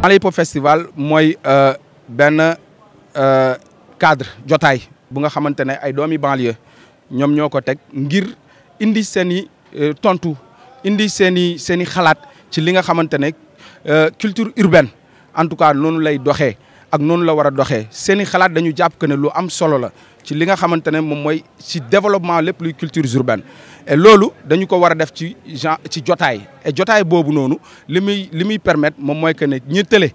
Malaypo festival mooy euh, benn euh, cadre jotaay bu nga xamante ne ay doomi banlieue ñoom ñoo ko teg ngir indi seen i euh, tontu indi seen i seen i xalaat ci li nga xamante ne culture urbaine en tout cas noonu lay doxee. ak noonu la war a doxee seen i xalaat dañu jàpp que ne lu am solo la ci li nga xamante ne moom mooy ci développement lépp luy culture urbaine e loolu dañu ko war a def ci genre ci jotaay et jotaay boobu noonu li muy li muy permettre moom mooy que ne ñi tële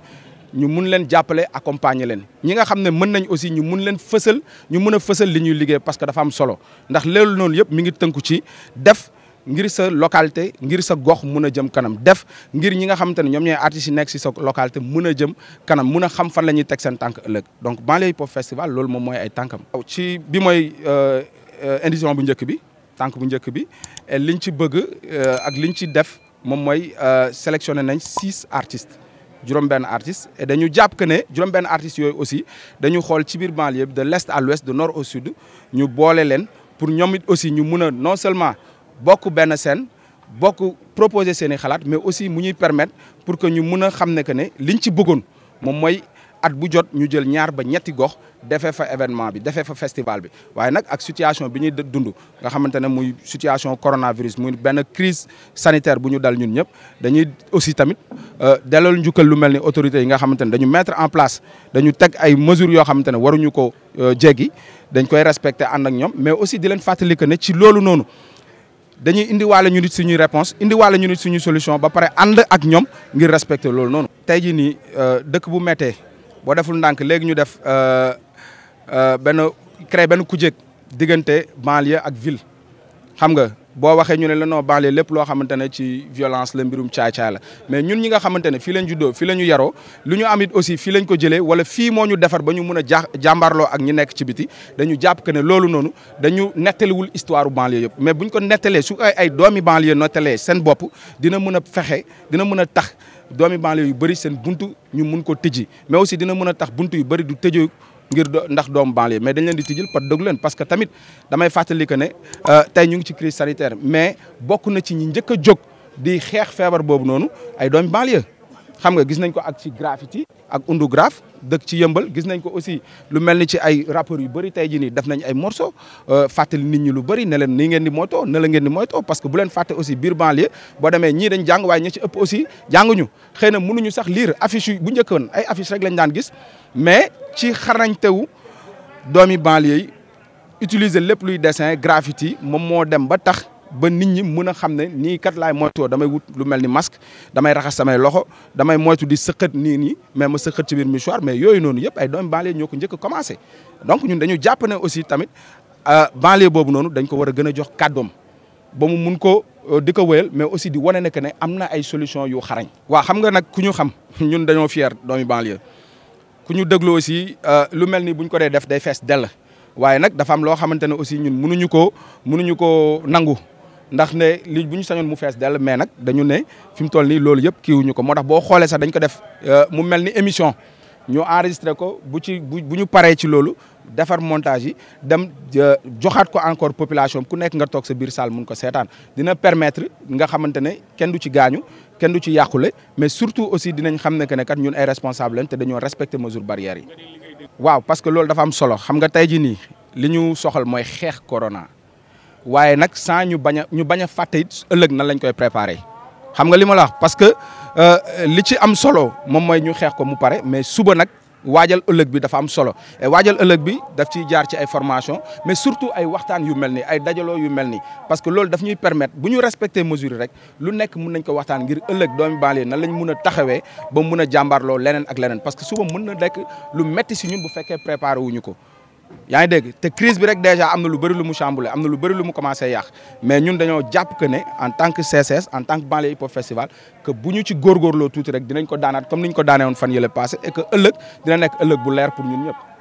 ñu mun leen jàppale accompagner leen ñi nga xam ne mën nañ aussi ñu mun leen fësal ñu mun a fësal li ñuy liggéey parce que dafa am solo ndax loolu noonu yëpp mi ngi tënku ci def ngir sa localité ngir sa gox mun a jëm kanam def ngir ñi nga xamante ne ñoom ñooy artistes yi nekk si sa localité mun a jëm kanam mun a xam fan la ñuy teg seen tànk ëllëg donc Banlieue Hip Hop Festival loolu moom mooy ay tànkam. waaw ci bi mooy euh, euh, édition bu njëkk bi tànk bu njëkk bi liñ ci bëgg euh, ak liñ ci def moom mooy sélectionné nañ six artistes. juróom benn artiste et dañu jàpp que ne juróom benn artistes yooyu aussi dañu xool ci biir banlieue de l'est à l'ouest de nord au sud ñu boole leen pour ñoom it aussi ñu mun a non seulement bokk benn seen bokk proposer seen i xalaat mais aussi mu ñuy permettre pour que ñu mun a xam ne que ne liñ ci bëggoon moom mooy at bu jot ñu jël ñaar ba ñetti gox defee fa événement bi defee fa festival bi waaye nag ak situation bi ñuy dund nga xamante ne muy situation coronavirus muy benn crise sanitaire bu ñu dal ñun ñëpp dañuy aussi tamit euh, dalal njukkal lu mel ni autorité yi nga xamante ne dañu mettre en place dañu teg ay mesures yoo xamante ne waruñu ko euh, jéggi dañ koy respecter ànd ak ñoom mais aussi di leen fàttali que ci loolu noonu dañuy indi ñu ñuni suñuy réponse indiwaale ñu nit suñuy solution ba pare ànd ak ñoom ngir respecter loolu noonu. tey jii nii euh, dëkk bu méttee boo deful ndànk léegi ñu def euh, euh, benn créer benn kujeeg diggante banlieue ak ville xam nga. boo waxee ñu ne la noo baaxlee lépp loo xamante ne ci violence la mbirum caay-caay la mais ñun ñi nga xamante ne fii lañ juddoo fii la ñu yaroo lu ñu am aussi fii lañ ko jëlee wala fii moo ñu defar ba ñu mun a jaax ak ñu nekk ci biti dañu jàpp que ne loolu noonu dañu nettaliwul histoire banlieue yëpp mais ñu ko nettalee su ay ay doomi banlieue nettalee seen bopp dina mën a fexe dina mën a tax doomi banlieue yu bëri seen buntu ñu mun ko tëji mais aussi dina mën a tax buntu yu bëri du tëjoo ngir ndax doomu banlieue mais dañ leen di tijjil par déglu leen parce que tamit damay fàttali que ne euh, tey ñu ngi ci crise sanitaire mais bokk na ci ñi njëkk a jóg di xeex feebar boobu noonu ay doomu banlieue xam nga gis nañ ko ak ci graffiti ak undergraph dëkk ci yëmbal gis nañ ko aussi lu mel ni ci ay rappeurs yu bari tey jii nii def nañ ay morceaux euh, fàttali nit ñi lu bari ne leen nii ngeen di moytoo ne la ngeen di moytoo parce que bu leen fàtte aussi biir banlieue boo demee dañ jàng waaye ñi ci ëpp aussi jànguñu xëy na ñu sax liir affiche yu bu njëkkoon ay affiche rek lañ gis mais ci tew doomi banlieue yi utiliser lépp luy dessin graffiti moom moo dem ba tax ba nit ñi mën a xam ne nii kat laay moytoo damay wut lu mel ni masque damay raxas samay loxo damay moytu di sëqat nii nii mais ma sëqat ci biir mouchoir mais yooyu noonu yëpp ay doom banlieue ñoo ko njëkk a ñun dañu jàpp ne aussi tamit euh, banlieue boobu noonu dañ ko war a gën a jox kàddoom ba mu mun ko euh, di ko wéyal mais aussi di wane ne que ne am na ay solution yu xarañ waa xam nga nag ku ñu xam ñun dañoo fier doomi banlieue ku ñu déglu aussi euh, lu mel ni buñ ko dee def day fees dell waaye nag dafa am loo xamante ne aussi ñun mënuñu ko mënuñu ko nangu ndax ne li bu ñu sañoon mu fees dell mais nag dañu ne fi mu toll nii loolu yëpp kiiwuñu ko moo tax boo xoolee sax dañ ko def euh, mu mel ni émission ñu enregistré ko bu ci bu bu ñu paree ci loolu defar montage yi dem euh, joxaat ko encore population ku nekk nga toog sa biir salle mun ko seetaan dina permettre nga xamante ne kenn du ci gaañu kenn du ci yàqule mais surtout aussi dinañ xam ne que ne kat ñun ay responsable lañ te dañoo respecter mesure barrières yi. waaw parce que loolu dafa am solo xam nga tey jii nii li ñu soxal mooy xeex corona. waaye nag sans ñu bañ a ñu bañ a fàtte ëllëg nan lañ koy préparer xam nga li ma la wax parce que euh, li ci am solo moom mooy ñu xeex ko mu pare mais suba nag waajal ëllëg bi dafa am solo et waajal ëllëg bi daf ciy jaar ci ay formation mais surtout ay waxtaan yu mel ni ay dajaloo yu mel ni parce que loolu daf ñuy permettre bu ñu respecter mesure rek lu nekk mun nañ ko waxtaan ngir ëllëg doomi banlieue nan lañ mun a taxawee ba mun a jàmbaarloo leneen ak leneen parce que suba mën na nekk lu si ñun bu fekkee préparé wuñu ko yaa ngi dégg te crise bi rek déjà am na lu bëri lu mu chamboulé am na lu bëri lu mu commencé yàq mais ñun dañoo jàpp que en tant que CCS en tant que banlieue hip hop festival que bu ñu ci góorgóorloo tuuti rek dinañ ko daanaat comme ni ñu ko daanee woon fan yële passé et que dina nekk ëllëg bu leer pour ñun ñëpp